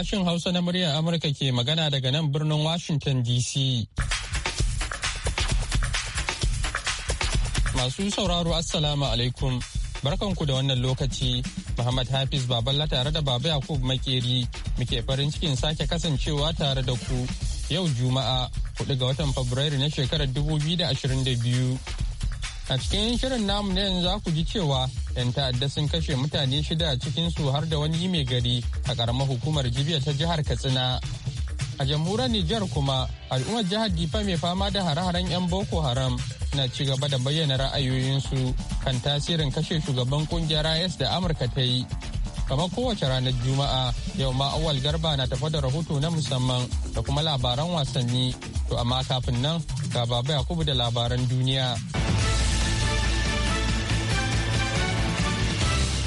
Sashen Hausa na muryar Amurka ke magana daga nan birnin Washington DC. Masu sauraro Assalamu alaikum. Barkanku da wannan lokaci, Muhammad Hafiz Baballa tare da Baba Yakub Makeri muke farin cikin sake kasancewa tare da ku yau Juma'a 4 ga watan Fabrairu na shekarar 2022. A cikin shirin namu ne yanzu za ku ji cewa 'yan ta'adda sun kashe mutane shida cikin su har da wani mai gari a karamar hukumar jibiya ta jihar Katsina. A jamhuriyar Nijar kuma al'ummar jihar Difa mai fama da hare-haren 'yan Boko Haram na ci gaba da bayyana ra'ayoyinsu kan tasirin kashe shugaban kungiyar IS da Amurka ta yi. Kamar kowace ranar Juma'a yau ma awal garba na tafa da rahoto na musamman da kuma labaran wasanni. To amma kafin nan ga baba Yakubu da labaran duniya.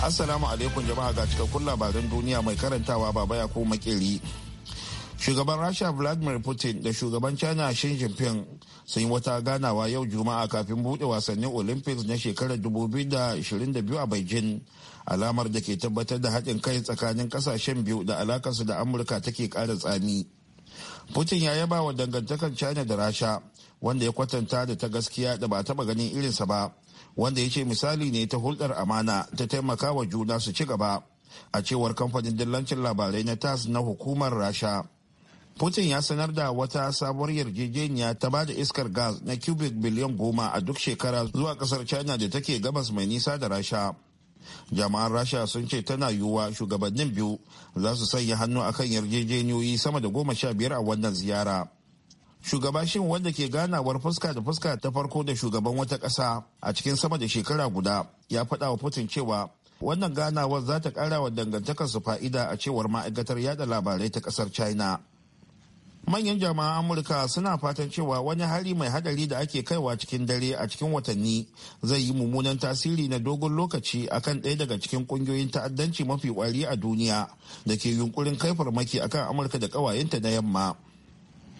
Assalamu alaikum jama'a ga cikakkun labaran duniya mai karantawa baba ya ko makeri. Shugaban Rasha Vladimir Putin da shugaban China Xi Jinping sun yi wata ganawa yau Juma'a kafin buɗe wasannin Olympics na shekarar 2022 a Beijing. Alamar da ke tabbatar da haɗin kai tsakanin ƙasashen biyu da alakarsu da Amurka take ƙara tsami. Putin ya yaba wa dangantakar China da Rasha wanda ya kwatanta da ta gaskiya da ba taɓa ganin irinsa ba. wanda ya ce misali ne ta hulɗar amana ta taimaka wa juna su ci gaba a cewar kamfanin dillancin labarai na tas na hukumar rasha putin ya sanar da wata sabuwar yarjejeniya ta ba da iskar gas na cubic biliyan goma a duk shekara zuwa kasar china da take gabas mai nisa da rasha jama'an rasha sun ce tana yiwuwa shugabannin biyu za su sanya hannu akan yarjejeniyoyi sama da goma sha biyar a wannan ziyara shugaba shin wanda ke ganawar fuska da fuska ta farko da shugaban wata ƙasa a cikin sama da shekara guda ya faɗa wa putin cewa wannan ganawar za ta ƙara wa dangantakarsu fa'ida a cewar ma'aikatar yada labarai ta ƙasar china manyan jama'an amurka suna fatan cewa wani hari mai hadari da ake kaiwa cikin dare a cikin watanni zai yi mummunan tasiri na dogon lokaci akan ɗaya daga cikin ƙungiyoyin ta'addanci mafi kwari a duniya da ke yunkurin kai farmaki akan amurka da ƙawayenta na yamma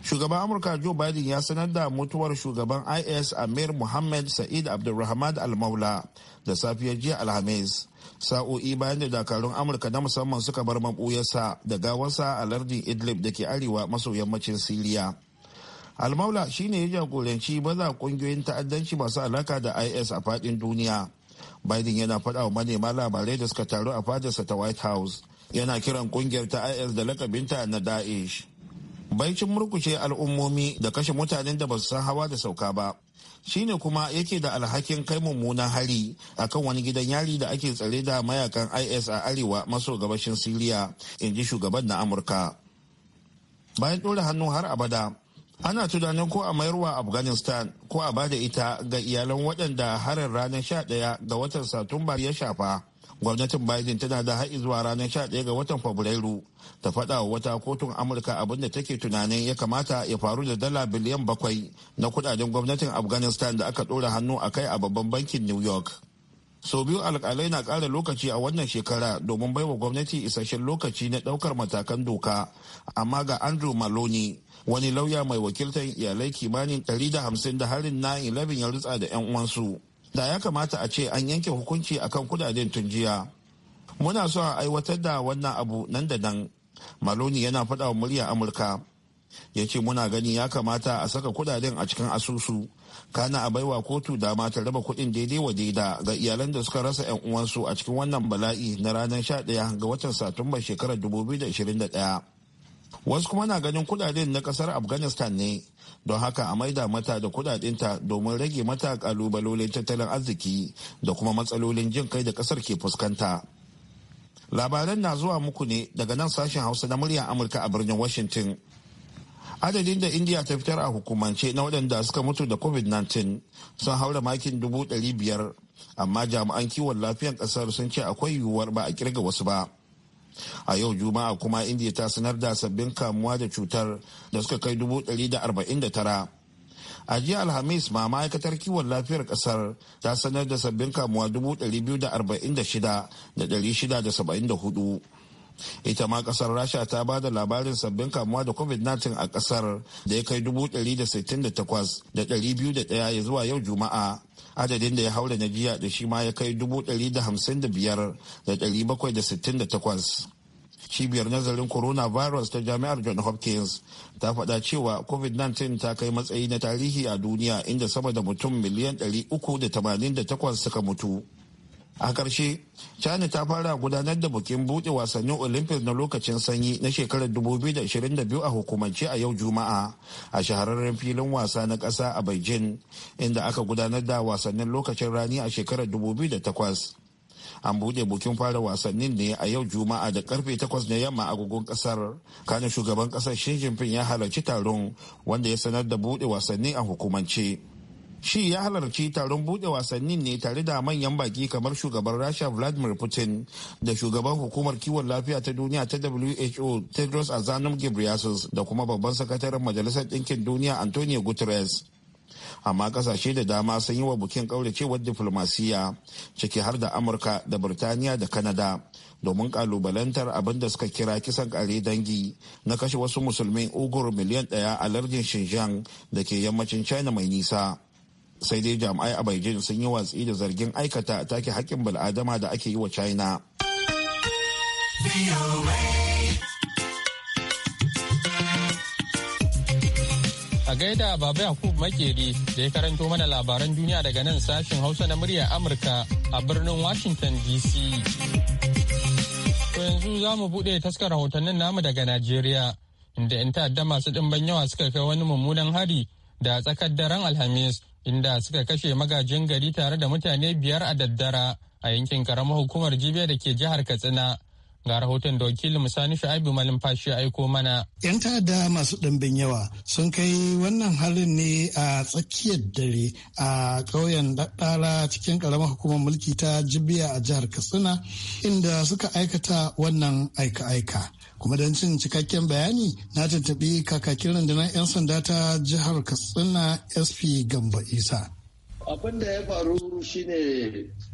shugaban amurka joe biden ya sanar da mutuwar shugaban is amir muhammad sa'id abdulrahman almaula da safiyar jiya alhamis sa'o'i bayan da dakarun amurka na musamman suka bar mabuyarsa da gawarsa a lardin idlib da ke arewa maso yammacin siriya almaula shine ya jagoranci baza kungiyoyin ta'addanci masu alaka da is a fadin duniya biden yana faɗa manema labarai da suka taru a fadarsa ta white house yana kiran kungiyar ta is da lakabinta na daesh baicin murkushe al'ummomi da kashe mutanen da ba su san hawa da sauka ba shine kuma yake da alhakin kai mummunan hari akan wani gidan yari da ake tsare da mayakan is a arewa maso gabashin siriya in ji shugaban na amurka bayan ɗora hannu har abada ana tunanin ko a mayarwa afghanistan ko a bada ita ga iyalan waɗanda harin ranar sha 11 ga watan satumba ya shafa gwamnatin biden tana da haƙi zuwa ranar 11 ga watan fabrairu ta faɗa wa wata kotun amurka abin da take tunanin ya kamata ya faru da dala biliyan bakwai na kudaden gwamnatin afghanistan da aka ɗora hannu a kai a babban bankin new york sau biyu alkalai na ƙara lokaci a wannan shekara domin baiwa gwamnati isasshen lokaci na ɗaukar matakan doka amma ga andrew maloney wani lauya mai wakiltar iyalai kimanin 150 da harin na 11 ya rutsa da 'yan uwansu da ya kamata a ce an yanke hukunci akan kudaden tun jiya muna so a aiwatar da wannan abu nan da nan maloni yana faɗa wa murya amurka ya ce muna gani ya kamata a saka kudaden a cikin asusu kana a baiwa kotu dama ta raba kudin daidai wa daida ga iyalan da suka rasa 'yan uwansu a cikin wannan bala'i na ranar sha 11 ga watan satumba shekarar 2021 wasu kuma na ganin kudaden na kasar afghanistan ne don haka a maida mata da kudadinta domin rage mata kalubalolin tattalin arziki da kuma matsalolin jin kai da kasar ke fuskanta labaran na zuwa muku ne daga nan sashen hausa na muryar amurka a birnin washington adadin da india ta fitar a hukumance na waɗanda suka mutu da covid-19 sun haura makin dubu ɗari biyar amma jami'an kiwon lafiyan ƙasar sun ce akwai yiwuwar ba a kirga wasu ba a yau juma'a kuma india ta sanar da sabbin kamuwa da cutar da suka kai dubu ɗari da arba'in da tara a jiya alhamis ma ma'aikatar kiwon lafiyar kasar ta sanar da sabbin kamuwa 246,674 ita ma kasar rasha ta ba da labarin sabbin kamuwa da covid-19 a kasar da ya kai 168,201 ya zuwa yau juma'a adadin da ya haura na jiya da shi ma ya kai 155,768 cibiyar nazarin coronavirus ta jami'ar john hopkins ta faɗa cewa covid-19 ta kai matsayi na tarihi a duniya inda sama da mutum miliyan 388 suka mutu a ƙarshe china ta fara gudanar da bukin buɗe wasannin olympics na lokacin sanyi na shekarar 2022 a hukumance a yau juma'a a shahararren filin wasa na ƙasa a beijing inda aka gudanar da wasannin lokacin rani a shekarar 2008 an buɗe bukin fara wasannin ne a yau juma'a da karfe 8 na yamma agogon kasar kanin shugaban kasar shin jinfin ya halarci taron wanda ya sanar da buɗe wasanni a hukumance shi ya halarci taron buɗe wasannin ne tare da manyan baki kamar shugaban rasha vladimir putin da shugaban hukumar kiwon lafiya ta duniya ta who tedros adhanom ghebreyesus da kuma babban sakataren majalisar ɗinkin duniya antonio guterres amma kasashe da dama sun yi wa bukin kauracewar diflomasiya ciki har da amurka da birtaniya da kanada domin kalubalantar abin da suka kira kisan kare dangi na kashe wasu musulmi ugur miliyan daya a lardin xinjiang da ke yammacin china mai nisa sai dai jami'ai a beijing sun yi watsi da zargin aikata take haƙƙin bil'adama da ake yi wa china A gaida Baba Yakubu Makeri da ya karanto mana labaran duniya daga nan sashen Hausa na muryar Amurka a birnin Washington DC. To yanzu za mu buɗe taskar rahotannin namu daga Najeriya, inda 'yan ta'adda masu ɗimban yawa suka kai wani mummunan hari da tsakar daren Alhamis, inda suka kashe magajin gari tare da mutane biyar a daddara a yankin karamar hukumar Jibiya da ke jihar Katsina. Ga rahoton da wakilin Sani Shu'aibu fashi ya aiko mana. 'Yan ta'adda masu ɗimbin yawa sun kai wannan halin ne a tsakiyar dare a ƙauyen ɗaɗɗara cikin ƙaramar hukumar mulki ta Jibiya a jihar Katsina inda suka aikata wannan aika-aika. kuma don cin cikakken bayani na tattabi kakakin rundunar 'yan sanda ta jihar katsina sp gamba isa abin da ya faru shine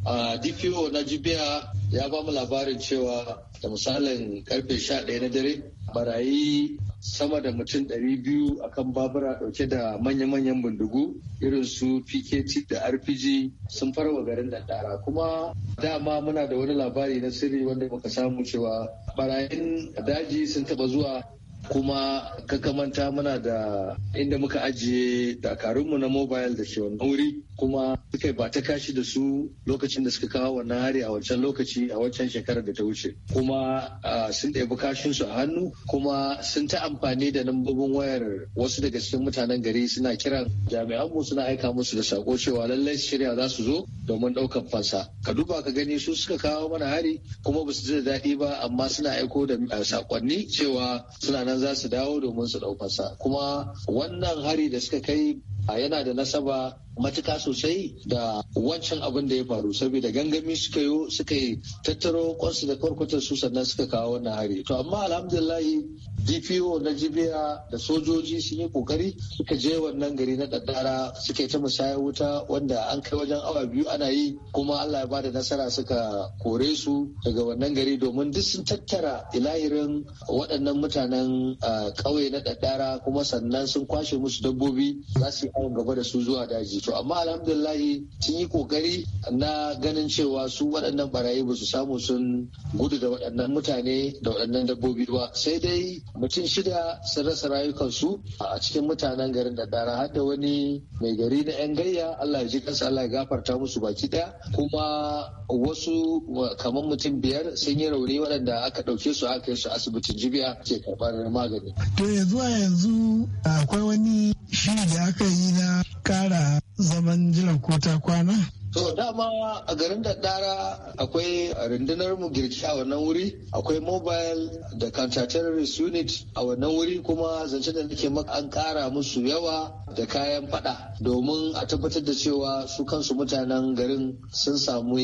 a dpo na jibiya ya ba mu labarin cewa da misalin karfe sha 11 na dare barayi sama da mutum 200 akan babura dauke da manya-manyan bindigu irin su pkt da rpg sun farwa garin dandara kuma dama muna da wani labari na sirri wanda muka samu cewa barayin daji sun taba zuwa kuma kakamanta muna da inda muka ajiye dakarunmu na mobile da ke wani wuri kuma suka ba ta kashi da su lokacin da suka kawo wannan hari a wancan lokaci a wancan shekarar da ta wuce kuma sun ɗebi kashin su a hannu kuma sun ta amfani da lambobin wayar wasu daga cikin mutanen gari suna kiran jami'an mu suna aika musu da sako cewa lallai shirya za su zo domin ɗaukar fansa ka duba ka gani su suka kawo mana hari kuma ba su ji da daɗi ba amma suna aiko da sakonni cewa suna nan za su dawo domin su ɗau fansa kuma wannan hari da suka kai yana da nasaba matuka sosai da wancan abin da ya faru saboda gangami suka yi suka yi tattaro kwansu da kwarkwatar su sannan suka kawo wannan hari to amma alhamdulillahi dpo na jibiya da sojoji sun yi kokari suka je wannan gari na daddara suka ta musaya wuta wanda an kai wajen awa biyu ana yi kuma allah ya ba da nasara suka kore su daga wannan gari domin duk sun tattara ilahirin waɗannan mutanen ah, ƙauye na daddara kuma sannan sun kwashe musu dabbobi za su yi awon gaba da su zuwa daji to amma alhamdulillahi sun yi kokari na ganin cewa su waɗannan barayi ba su samu sun gudu da waɗannan mutane da waɗannan dabbobi ba sai dai mutum shida sun rasa rayukansu a cikin mutanen garin da dara har da wani mai gari na yan gayya Allah ya ji kansa Allah ya gafarta musu baki daya kuma wasu kamar mutum biyar sun yi rauni waɗanda aka ɗauke su aka su asibitin jibiya ke karɓar magani. To yanzu a yanzu akwai wani shiri da aka yi na kara zaman jiran ko ta kwana? To dama a garin da dara akwai rundunar mu girki a wannan wuri, akwai mobile da counter terrorist unit a wannan wuri kuma zance da nake maka an kara musu yawa da kayan fada. domin a tabbatar da cewa su kansu mutanen garin sun samu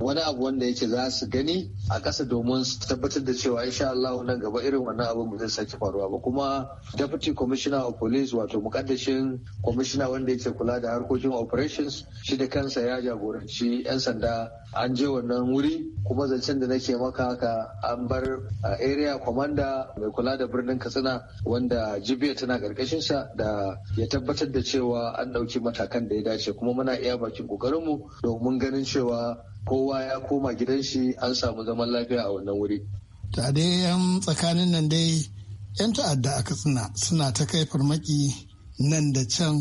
wani abu wanda yake za su gani a ƙasa domin su tabbatar da cewa insha Allah nan gaba irin wannan abin ba zai sake faruwa ba kuma deputy commissioner of police wato mukaddashin commissioner wanda yake kula da harkokin operations shi da kansa ya jagoranci 'yan sanda an je wannan wuri kuma zancen da nake maka haka an bar uh, area commander mai kula da birnin katsina wanda jibiya tana karkashin sa da ya tabbatar da cewa an ɗauki matakan da ya dace kuma muna iya bakin mu domin ganin cewa kowa ya koma gidan shi an samu zaman lafiya a wannan wuri. Ta da yan tsakanin nan dai 'yan ta'adda a katsina suna ta kai farmaki nan da can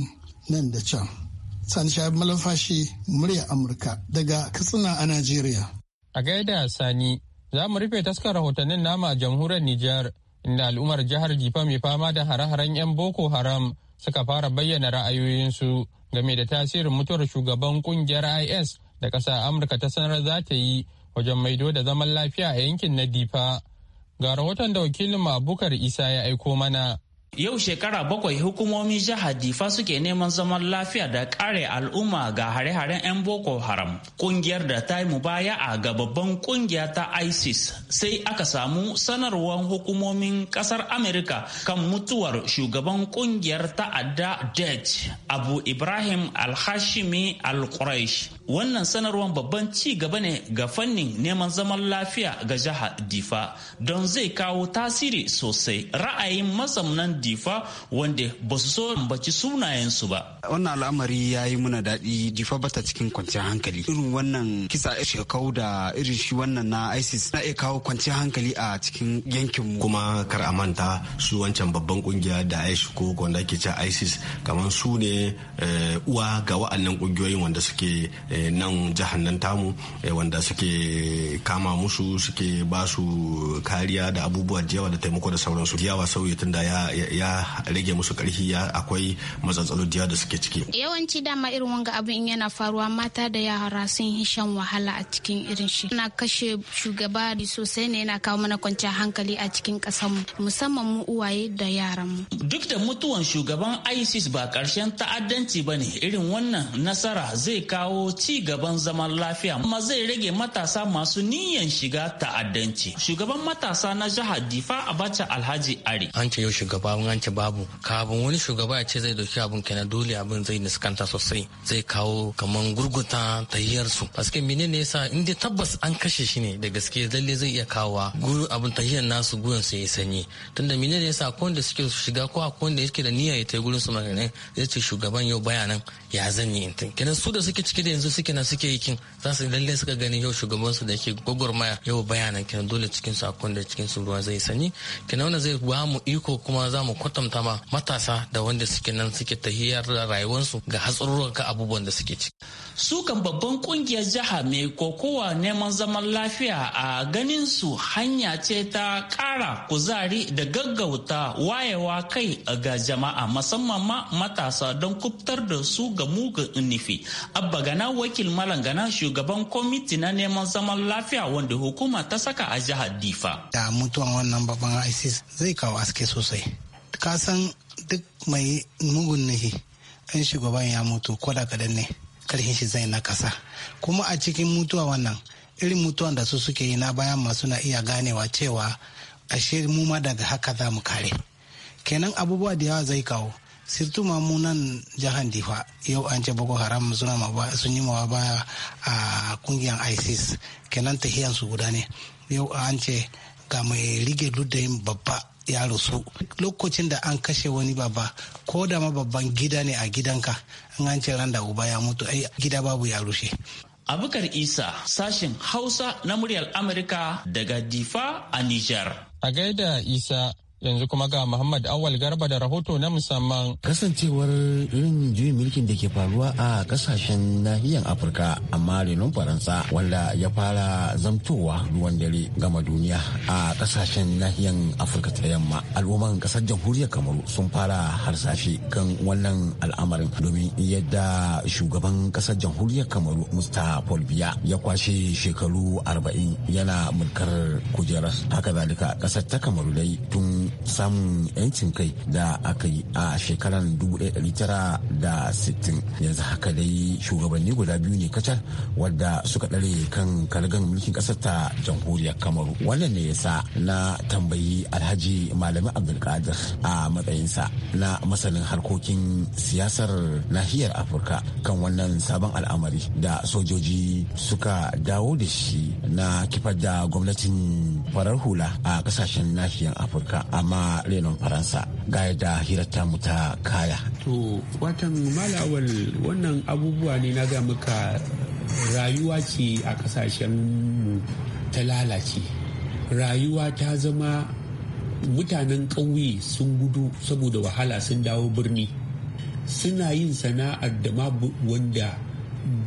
nan da can Sani Shahab Malafashi murya Amurka daga Katsina a Najeriya. A gaida Sani, za mu rufe taskar rahotannin nama a jamhuriyar Nijar, inda al'ummar jihar Jifa mai fama da hare-haren 'yan Boko Haram suka fara bayyana ra'ayoyinsu game da tasirin mutuwar shugaban kungiyar IS da ƙasa Amurka ta sanar za ta yi wajen maido da zaman lafiya a yankin na Difa. Ga rahoton da wakilin Abubakar Isa ya aiko mana. Yau shekara bakwai hukumomin jihar Difa suke neman zaman lafiya da kare al'umma ga hare-haren 'yan Boko Haram. Kungiyar da ta yi mubaya a ga babban kungiya ta ISIS sai aka samu sanarwar hukumomin kasar Amerika kan mutuwar shugaban kungiyar ta'adda Dej Abu Ibrahim Al-Hashimi Al-Quraish wannan sanarwar babban ci gaba ne ga fannin neman zaman lafiya ga jiha difa don zai kawo tasiri sosai ra'ayin mazaunan difa wanda ba su so ambaci sunayensu ba wannan al'amari ya yi muna daɗi difa bata cikin kwanciyar hankali irin wannan kisa ya shekau da irin shi wannan na isis na iya kawo kwanciyar hankali a cikin yankinmu kuma kar a manta su wancan babban kungiya da aish ko wanda ake cewa isis kamar su ne eh, uwa ga wa'annan kungiyoyin wanda suke eh, Eh, nan jihar nan tamu eh, wanda suke kama musu suke ba su kariya da abubuwa jiyawa da taimako da sauransu jiyawa sauyi tun da ya rage musu karfi ya akwai matsatsalo jiya da suke ciki yawanci dama irin wanga in yana faruwa mata da yara sun yi shan wahala a cikin irin shi na kashe shugaba sosai ne yana kawo mana kwanciyar hankali a cikin kasar mu musamman mu uwaye da yaran mu duk da mutuwan shugaban isis ba karshen ta'addanci bane irin wannan nasara zai kawo ci ci gaban zaman lafiya amma zai rage matasa masu niyyar shiga ta'addanci shugaban matasa na jihar difa abacha alhaji ari an ce yau shugaba an ce babu kafin wani shugaba ya ce zai dauki abun kenan dole abin zai niskanta sosai zai kawo kaman gurguta tayyar su paske menene yasa in dai tabbas an kashe shi ne da gaske lalle zai iya kawo gurin abin tayyar nasu gurin su ya sanyi tunda menene yasa ko wanda suke shiga ko akwai wanda yake da niyya ya tayi gurin su magana zai ce shugaban yau bayanan ya zanyi kenan su da suke cike da yanzu suke nan suke yi kin za su lalle suka gani yau shugaban su da ke gwagwarmaya yau bayanan kenan dole cikin su akwai da cikin su ruwa zai sani kenan wannan zai ba mu iko kuma za mu kwatanta ma matasa da wanda suke nan suke tahiyar da rayuwarsu ga hatsarurrukan ka abubuwan da suke ciki. su kan babban kungiyar jiha mai kokowa neman zaman lafiya a ganin su hanya ce ta kara kuzari da gaggauta wayewa kai ga jama'a musamman ma matasa don kubtar da su ga mugun nufi abba gana wakil malangana shugaban kwamiti na neman zaman lafiya wanda hukuma ta saka a jihar difa da mutuwan wannan babban isis zai kawo aske sosai kasan duk mai mugun nahi in shugaban ya mutu ko da kadan ne karshen shi zai na kasa kuma a cikin mutuwa wannan irin mutuwan da su suke yi na bayan masu na iya ganewa cewa ashe mu ma daga haka za mu kare kenan abubuwa da yawa zai kawo sirtu ma mu jihar difa yau an ce boko haram suna sun yi mawa baya a kungiyar isis kenan ta hiyan su guda ne yau an ce ga mai rige ludayin babba ya rusu. lokacin da an kashe wani babba ko da ma babban gida ne a gidanka an an ce ran da uba ya mutu ai gida babu ya rushe abukar isa sashen hausa na muryar amurka daga difa a nijar a gaida isa Yanzu kuma ga Muhammad Awal Garba da rahoto na musamman. Kasancewar irin juyin mulkin da ke faruwa a kasashen nahiyar Afirka amma renon Faransa wanda ya fara zamtowa ruwan dare gama duniya a kasashen nahiyar Afirka ta yamma. Al'umman kasar jamhuriyar Kamaru sun fara harsashe kan wannan al'amarin domin yadda shugaban kasar jamhuriyar Kamaru Musta Paul Biya ya kwashe shekaru arba'in yana mulkar kujerar. Haka zalika kasar ta Kamaru dai tun samun 'yancin kai da aka yi a shekarar 1960 yanzu haka dai shugabanni guda biyu ne kacal wadda suka ɗare kan kalgan mulkin ƙasar ta jamhuriyar kamaru wannan ne yasa na tambayi alhaji malami abdulkadir a matsayinsa na masanin harkokin siyasar nahiyar afirka kan wannan sabon al'amari da sojoji suka dawo da shi na kifar da gwamnatin farar hula a kasashen nahiyar afirka a amma renon faransa ga yadda hirarta mu ta kaya to watan malawal wannan abubuwa ne na ga muka rayuwa ce a kasashen mu ta lalace rayuwa ta zama mutanen ƙauye sun gudu saboda wahala sun dawo birni suna yin sana'ar da ma wanda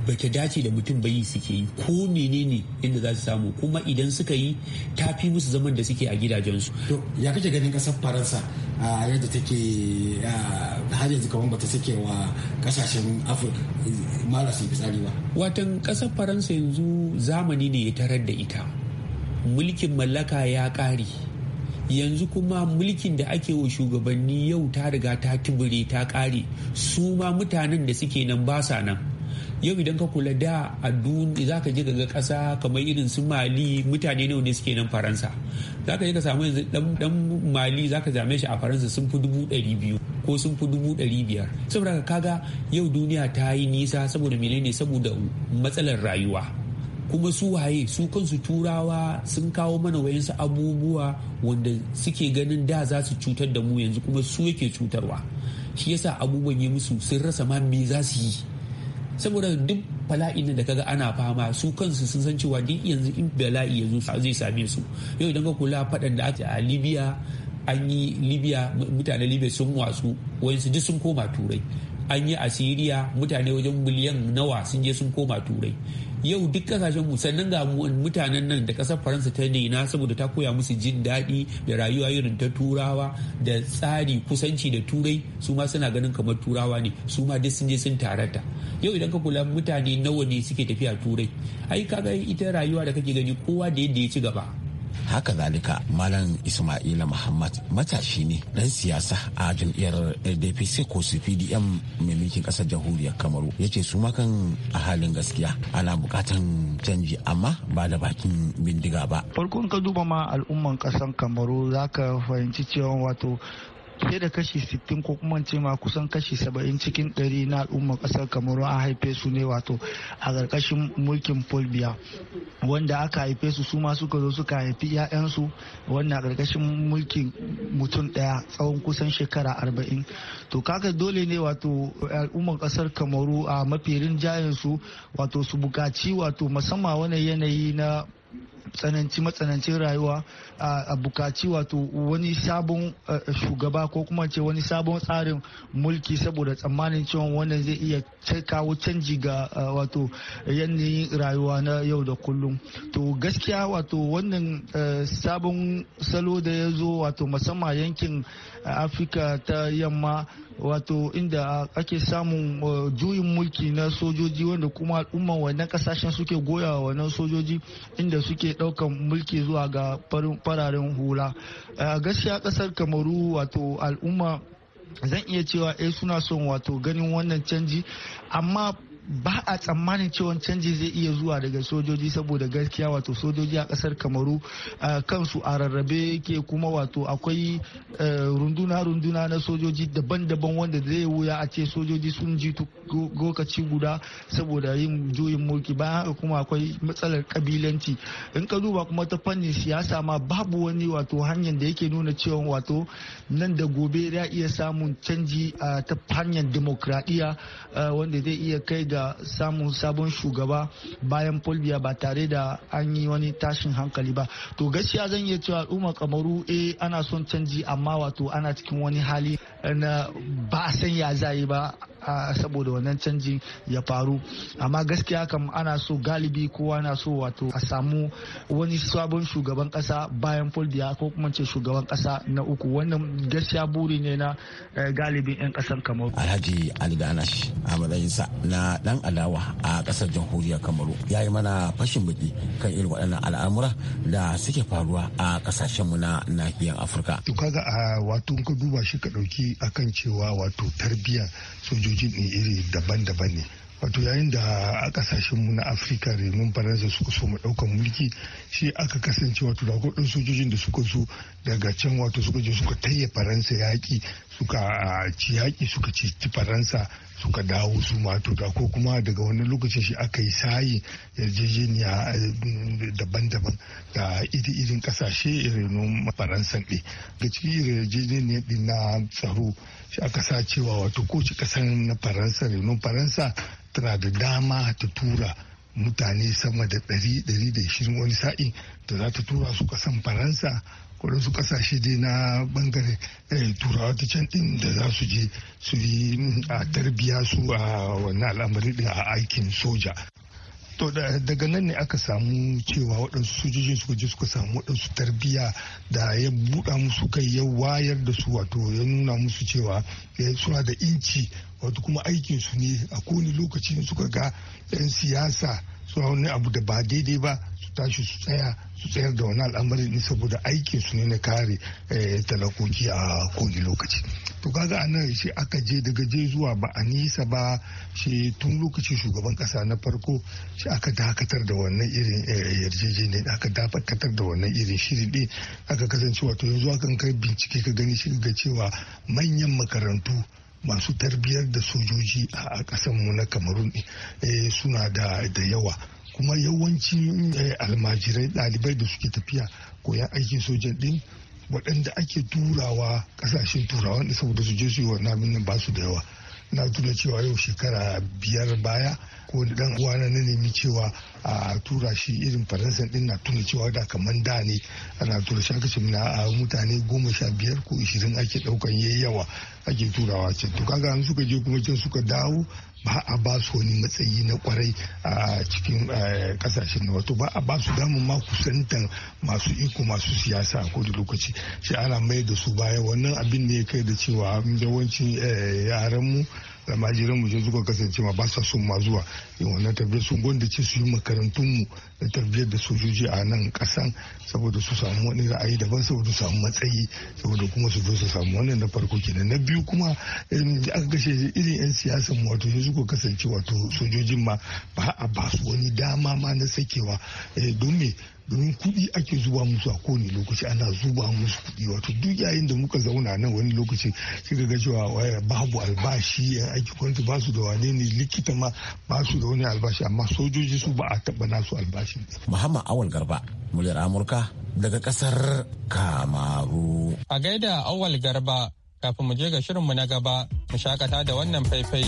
ba ta dace da mutum bayi yi suke yi ko menene inda za su samu kuma idan suka yi ta fi musu zaman da suke a gidajensu. to ya kake ganin kasar faransa a yadda take har yanzu kamar bata suke wa kasashen afirka yi fitsari ba. watan kasar faransa yanzu zamani ne ya tarar da ita mulkin mallaka ya kare yanzu kuma mulkin da ake wa shugabanni yau ta riga ta tubure ta kare su ma mutanen da suke nan ba sa nan yau idan ka kula da a duniya za ka je ga ƙasa kamar irin su mali mutane nawa ne suke nan faransa za ka je ka samu yanzu dan mali za ka zame shi a faransa sun fi dubu ɗari biyu ko sun fi dubu ɗari biyar saboda kaga yau duniya ta yi nisa saboda menene saboda matsalar rayuwa kuma su waye su kansu turawa sun kawo mana wayansu abubuwa wanda suke ganin da za su cutar da mu yanzu kuma su yake cutarwa shi yasa abubuwan yi musu sun rasa ma me za su yi saboda duk bala'in da kaga ana fama su kansu sun san cewa duk yanzu in bala'i yanzu zai same su yau idan ka kula faɗan da ake a libya an yi libya mutanen libya sun watsu wayansu duk sun koma turai an yi a siriya mutane wajen miliyan nawa sun je sun koma turai yau duk kasashen mu sannan ga mutanen nan da kasar faransa ta nina saboda ta koya musu jin daɗi da rayuwa irin ta turawa da tsari kusanci da turai su ma suna ganin kamar turawa ne su ma duk sun je sun tarata yau idan ka kula mutane nawa ne suke tafiya turai ai kaga ita rayuwa da kake gani kowa da yadda ya ci gaba haka zalika malam ismaila muhammad matashi ne dan siyasa a jam'iyyar dpc ko cpdm mai mulkin kasar jamhuriyar kamaru ya ce su makan a halin gaskiya ana bukatan canji amma ba da bakin bindiga ba farkon ka duba ma al'umman kasar kamaru za ka fahimci cewa wato fiye da kashi 60 ko kuma ce ma kusan kashi 70 cikin 100 na al'ummar kasar kamaru an haife su ne wato a ƙarƙashin mulkin folbiya wanda aka haife su su ma suka zo suka haifi 'ya'yansu wanda a ƙarƙashin mulkin mutum ɗaya tsawon kusan shekara 40 to kaka dole ne wato al'ummar kasar kamaru a mafirin jayensu wato su buƙaci wato musamman wani yanayi na tsananci matsanancin rayuwa a bukaci wato wani sabon shugaba ko kuma ce wani sabon tsarin mulki saboda tsammanin cewa wannan zai iya kawo canji ga wato yanayin rayuwa na yau da kullum to gaskiya wato wannan sabon salo da ya zo wato musamman yankin afirka ta yamma wato inda ake samun juyin mulki na sojoji wanda kuma wa wannan kasashen suke goya wannan sojoji inda suke take daukan mulki zuwa ga fararen hula a gaskiya kasar kamaru wato al'umma zan iya cewa eh suna son wato ganin wannan canji amma ba a tsammanin cewa canji zai iya zuwa daga sojoji saboda gaskiya wato sojoji a kasar kamaru kansu a rarrabe ke kuma wato akwai e, runduna-runduna na sojoji daban-daban wanda zai wuya a ce sojoji sun ji lokaci guda saboda yin juyin mulki bayan haka kuma akwai matsalar kabilanci in ka duba kuma ta fannin siyasa ma babu wani wato hanyar da yake nuna cewa wato nan da gobe ya iya samun canji ta hanyar demokradiyya wanda zai iya kai da samun sabon shugaba bayan fulbiya ba tare da an yi wani tashin hankali ba to gaskiya zan iya cewa al'ummar kamaru eh ana son canji amma wato ana cikin wani hali na ba a san ya za yi ba saboda wannan canji ya faru amma gaskiya kam ana so galibi kowa na so wato a samu wani sabon shugaban kasa bayan fulbiya ko kuma ce shugaban kasa na uku wannan gaskiya buri ne na eh, galibin 'yan kasan kamaru alhaji ali a matsayinsa na dan alawa a kasar jamhuriyar kamaru ya yi mana fashin baki kan irin waɗannan al'amura da suke faruwa a kasashenmu na nahiyar afirka to kaga a wato ka duba shi ka ɗauki akan cewa wato tarbiyyar sojoji ne iri daban-daban ne wato yayin da a mu na afirka renon faransa suka so mu daukan mulki shi aka kasance wato da kudin sojojin da suka zo daga can wato suka je suka tayya faransa yaki suka ah, ci yaƙi suka ci faransa suka dawo su ma ko kuma daga wani lokacin shi aka yi sayi yarjejeniya eh, daban-daban da iri irin kasashe irin faransan ɗi ga cikin yarjejeniya ɗin na tsaro shi aka sa cewa wato koci ƙasar na faransa renon faransa tana da dama ta tura mutane sama da da 120 wani sa'in da za ta tura su ƙasan faransa su kasashe dai na bangare eh, turawa ta can ɗin da za su je su yi a tarbiya su a wannan al'amari din a aikin soja to daga nan ne aka samu cewa waɗansu sojojin suka je suka samu waɗansu tarbiyya da ya buɗa musu kai ya wayar da su wato ya nuna musu cewa eh, suna da inci wato kuma aikin su ne a kowane lokaci suka ga 'yan siyasa suna wani abu da ba daidai ba tashi su tsaya su tsayar da wani al'amari ne saboda aikin su ne na kare eh, talakoki a kogi lokaci to kaga a nan shi aka je daga je zuwa ba a nisa ba shi tun lokacin shugaban kasa na farko shi aka dakatar da wannan irin eh, yarjejeniya aka dakatar da wannan irin shiri ɗin aka kasance wato yanzu akan kai bincike ka gani shi ga cewa manyan makarantu masu tarbiyar da sojoji a mu na kamarun eh, suna da yawa kuma yawanci eh, almajirai ɗalibai da suke tafiya koyan aikin sojan ɗin waɗanda ake turawa ƙasashen turawa da saboda su je su yi wannan ba su da yawa na tuna cewa yau shekara biyar baya ko da dan uwana na nemi cewa a tura shi irin faransa din na tuna cewa da kaman da ne ana tura shi aka a mutane goma sha biyar ko ishirin ake daukan yayi yawa ake turawa ce to kaga an suka je kuma can suka dawo ba a ba su wani matsayi na kwarai a cikin eh, kasashen na wato ba a ba su damun ma kusantan masu iko masu siyasa a lokaci sai ana mai da su baya wannan abin ne ya kai da cewa yawancin eh, yaran mu almajiran mu suka kasance ma ba sa son ma zuwa yin wannan tarbiyya sun gwandace su yi makarantun mu da tarbiyyar da sojoji a nan kasan saboda su samu wani ra'ayi daban saboda su samu matsayi saboda kuma su zo su samu wannan na farko kenan na biyu kuma aka kashe irin yan siyasan mu wato yanzu ko kasance wato sojojin ma ba a ba wani dama ma na sakewa eh, don me domin kuɗi ake zuba musu a kowane lokaci ana zuba musu kuɗi wato duk yayin da muka zauna nan wani lokaci sai ga cewa eh, babu albashi yan eh, aiki kwanci ba da wane ne likita ma ba da wani albashi amma sojoji su ba a taɓa nasu albashi. Muhammad Awal Garba muryar Amurka daga ƙasar Kamaru. A gaida Awal Garba kafin mu je ga shirin mu na gaba mu shakata da wannan faifai.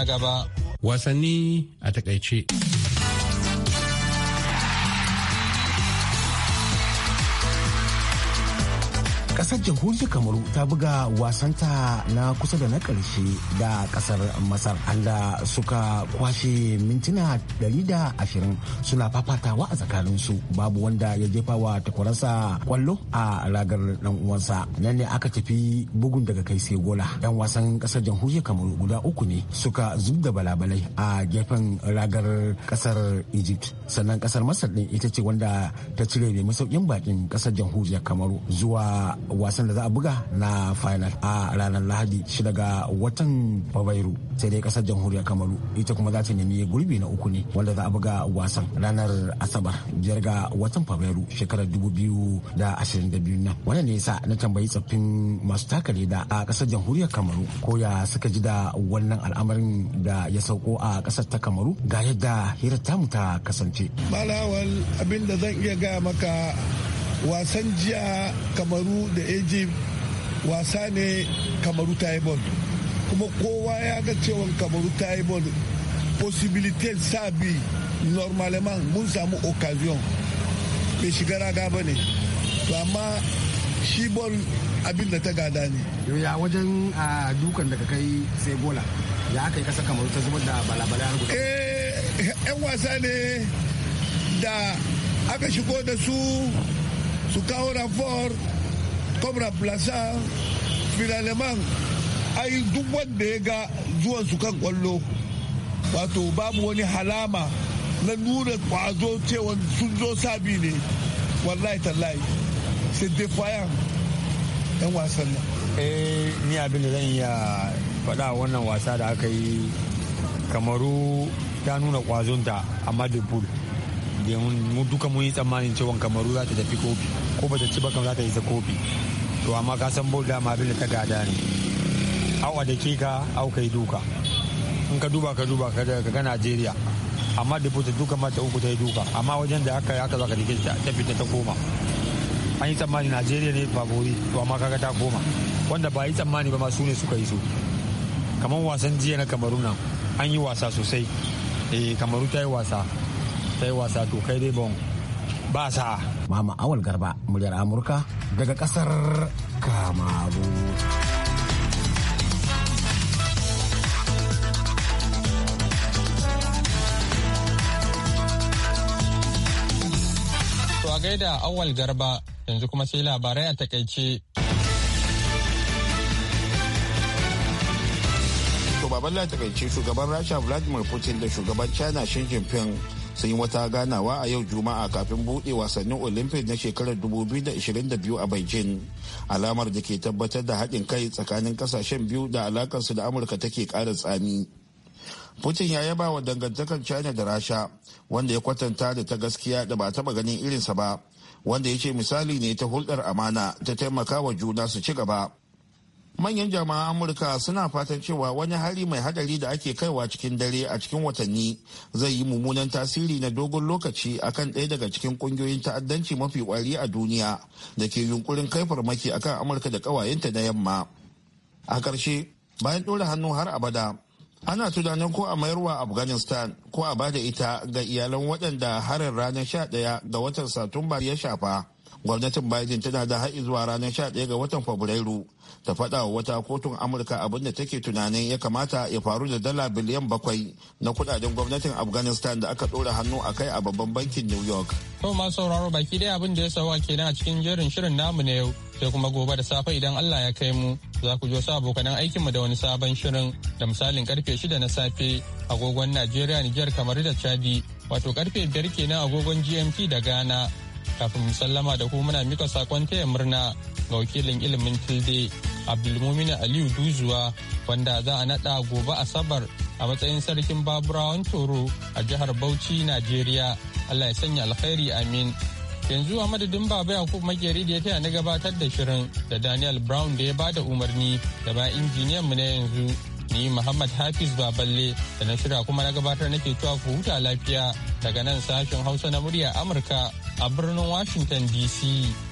na gaba. Wasanni a takaice. kasar jamhuriyar kamaru ta buga wasanta na kusa da na karshe da kasar masar allah suka kwashe mintuna 120 suna fafatawa a tsakanin su. babu wanda ya jefa wa takwararsa kwallo a ragar dan uwansa nan ne aka tafi bugun daga kai sai gola yan wasan kasar jamhuriyar kamaru guda uku ne suka zub da balabalai a gefen ragar kasar egypt sannan kasar masar din ita ce wanda ta cire mai masaukin bakin kasar jamhuriyar kamaru zuwa wasan da za a buga na final a ranar lahadi shi daga watan Fabrairu, sai dai kasar jamhuriyar kamaru ita kuma za ta nemi gurbi na uku ne wanda za a buga wasan ranar asabar biyar ga watan Fabrairu, shekarar dubu biyu da ashirin da biyu nan wannan ne yasa na tambayi tsaffin masu taka da a kasar jamhuriyar kamaru ko ya suka ji da wannan al'amarin da ya sauko a kasar ta kamaru ga yadda hirar tamu ta kasance. Balawal abin zan iya gaya maka wasan jiya kamaru da egypt wasa ne kamaru ta yi bol kuma kowa ya ga cewa kamaru ta yi bol possibility sa bi normalement mun samu occasion bai shiga raga ba ne to amma shi bol abin da ta gada ne ya wajen a dukan da ka kai sai gola ya aka yi kasa kamaru ta zubar da balabala har guda eh yan wasa ne da aka shigo da su su kawo rafor kobra plaza filaleman ai duk wanda ya ga zuwan su kan kwallo wato babu wani halama na nuna kwazo cewa sun zo sabi ne wallahi tallahi sai defiant yan wasan nan eh ni abin da zan iya faɗa wannan wasa da aka yi kamaru ta nuna kwazonta a madrid mu duka mun yi tsammanin cewa kamaru za ta tafi kofi ko ba ta ci ba kan za ta isa kofi to amma ka san bol dama abin da ta gada ne au a dake ka au kai duka in ka duba ka duba ka daga ga najeriya amma da ta duka ta uku ta yi duka amma wajen da aka aka zaka dake ta fita ta koma an yi tsammani najeriya ne favori to amma kaga ta koma wanda ba yi tsammani ba ma su ne suka yi su kamar wasan jiya na kamaru nan an yi wasa sosai eh kamaru ta yi wasa ta yi wasa to kai dai bon ba sa. Mama Awal Garba, muryar Amurka daga kasar Kamaru. To a gaida Awal Garba yanzu kuma sai labarai a takaice. Baban takaice shugaban Rasha Vladimir Putin da shugaban China Xi Jinping sun yi wata ganawa a yau juma'a kafin buɗe wasannin olympic na shekarar 2022 a beijing alamar da ke tabbatar da haɗin kai tsakanin ƙasashen biyu da alakarsu da amurka take ƙara tsami putin ya yaba wa dangantakar china da rasha wanda ya kwatanta da ta gaskiya da ba taɓa ganin irinsa ba wanda ya ce misali ne ta hulɗar amana ta taimaka wa juna su ci gaba manyan jama'an amurka suna fatan cewa wani hari mai hadari da ake kaiwa cikin dare a cikin watanni zai yi mummunan tasiri na dogon lokaci akan ɗaya daga cikin ƙungiyoyin ta'addanci mafi kwari a duniya da ke yunkurin kai farmaki akan amurka da ƙawayenta na yamma a ƙarshe bayan ɗora hannu har abada ana tunanin ko a mayarwa afghanistan ko a bada ita ga iyalan waɗanda harin ranar 11 ga watan satumba ya shafa gwamnatin biden tana da haɗi zuwa ranar 11 ga watan fabrairu ta faɗa wa wata kotun amurka abin da take tunanin ya kamata ya faru da dala biliyan bakwai na kudaden gwamnatin afghanistan da aka ɗora hannu a kai a babban bankin new york to ma sauraro baki dai abin da ya sawa kenan a cikin jerin shirin namu na yau sai kuma gobe da safe idan allah ya kai mu za ku jo sa abokanan aikinmu da wani sabon shirin da misalin karfe shida na safe agogon najeriya niger kamar da chadi wato karfe biyar kenan agogon gmt da ghana kafin mu sallama da ku muna mika sakon taya murna ga wakilin ilimin tilde abdulmumin aliyu duzuwa wanda za a naɗa gobe asabar a matsayin sarkin baburawan toro a jihar bauchi nigeria allah ya sanya alkhairi amin yanzu a madadin baba yakub makeri da ya taya na gabatar da shirin da daniel brown da ya ba da umarni da ba injiniyan mu na yanzu ni muhammad hafiz baballe da na shirya kuma na gabatar nake cewa ku huta lafiya daga nan sashen hausa na murya amurka a birnin Washington DC.